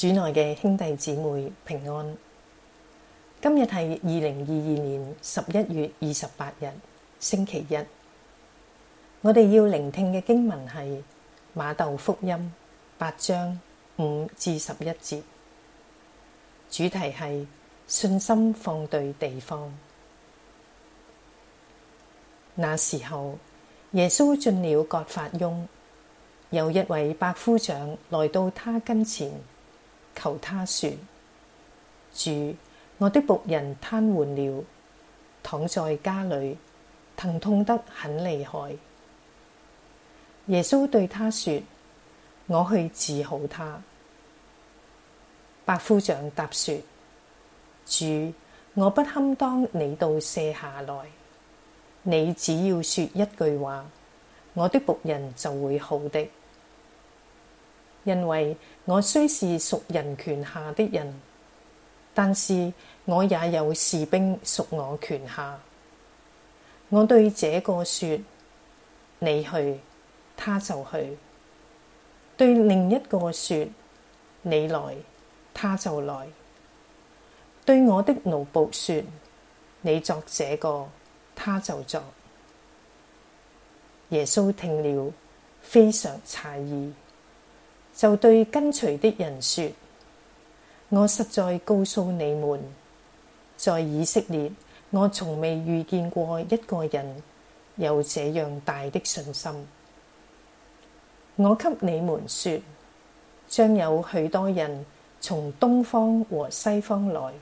主內嘅兄弟姊妹平安。今日係二零二二年十一月二十八日，星期一。我哋要聆聽嘅經文係馬竇福音八章五至十一節。主題係信心放對地方。那時候，耶穌進了葛法翁，有一位百夫長來到他跟前。求他說，主，我的僕人癱瘓了，躺在家裏，疼痛得很厲害。耶穌對他說：我去治好他。百夫長答說：主，我不堪當你到舍下來，你只要說一句話，我的僕人就會好的。因為我雖是屬人權下的人，但是我也有士兵屬我權下。我對這個說：你去，他就去；對另一個說：你來，他就來；對我的奴僕說：你作這個，他就作。耶穌聽了，非常詫異。就對跟隨的人說：我實在告訴你們，在以色列，我從未遇見過一個人有這樣大的信心。我給你們說，將有許多人從東方和西方來，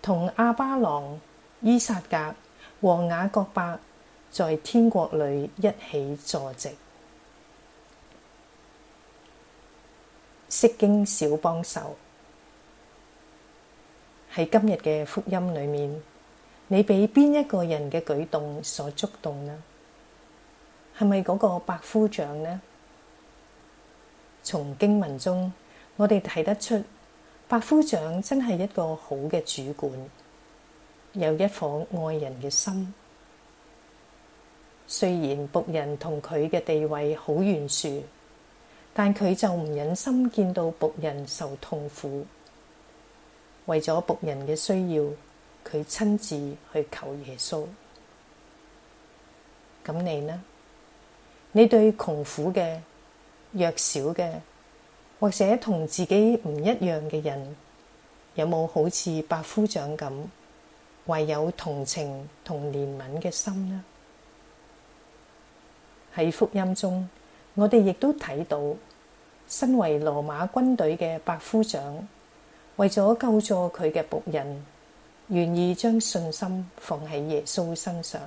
同亞巴郎、依撒格和雅各伯在天國裏一起坐席。釋經小幫手，喺今日嘅福音裏面，你俾邊一個人嘅舉動所觸動呢？係咪嗰個百夫長呢？從經文中，我哋睇得出，百夫長真係一個好嘅主管，有一顆愛人嘅心。雖然僕人同佢嘅地位好懸殊。但佢就唔忍心見到僕人受痛苦，為咗僕人嘅需要，佢親自去求耶穌。咁你呢？你對窮苦嘅、弱小嘅，或者同自己唔一樣嘅人，有冇好似百夫長咁懷有同情同憐憫嘅心呢？喺福音中，我哋亦都睇到。身為羅馬軍隊嘅百夫長，為咗救助佢嘅僕人，願意將信心放喺耶穌身上。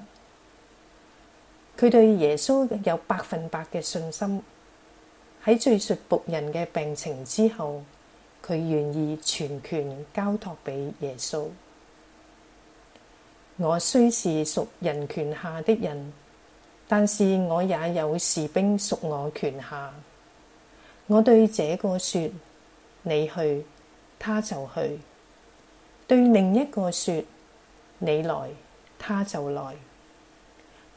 佢對耶穌有百分百嘅信心。喺敘述僕人嘅病情之後，佢願意全權交託俾耶穌。我雖是屬人權下的人，但是我也有士兵屬我權下。我對這個說，你去，他就去；對另一個說，你來，他就來；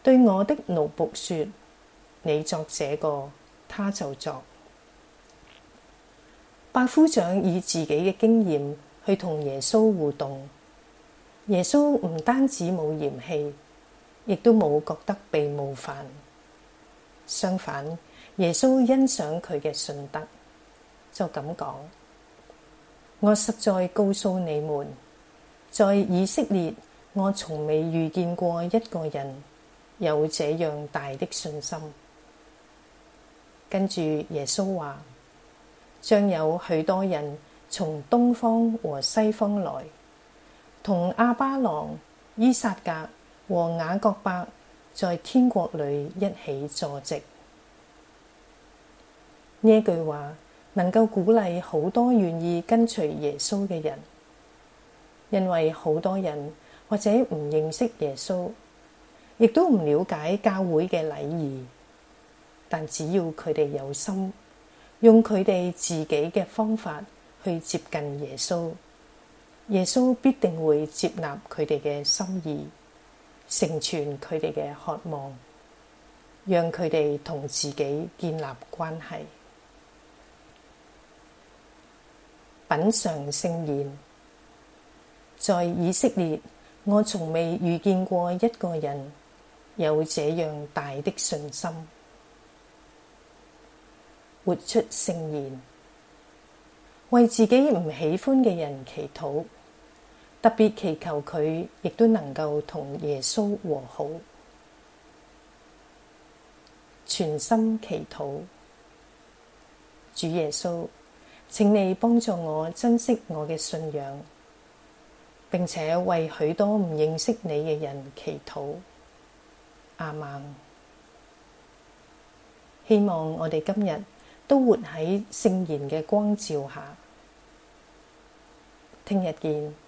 對我的奴僕說，你作這個，他就作。百夫長以自己嘅經驗去同耶穌互動，耶穌唔單止冇嫌棄，亦都冇覺得被冒犯，相反。耶穌欣賞佢嘅信德，就咁講：我實在告訴你們，在以色列，我從未遇見過一個人有這樣大的信心。跟住耶穌話，將有許多人從東方和西方來，同亞巴郎、依撒格和雅各伯在天國裏一起坐席。呢一句話能夠鼓勵好多願意跟隨耶穌嘅人，因為好多人或者唔認識耶穌，亦都唔了解教會嘅禮儀，但只要佢哋有心，用佢哋自己嘅方法去接近耶穌，耶穌必定會接納佢哋嘅心意，成全佢哋嘅渴望，讓佢哋同自己建立關係。品嘗聖言，在以色列，我從未遇見過一個人有這樣大的信心。活出聖言，為自己唔喜歡嘅人祈禱，特別祈求佢亦都能夠同耶穌和好。全心祈禱，主耶穌。請你幫助我珍惜我嘅信仰，並且為許多唔認識你嘅人祈禱。阿們，希望我哋今日都活喺聖言嘅光照下。聽日見。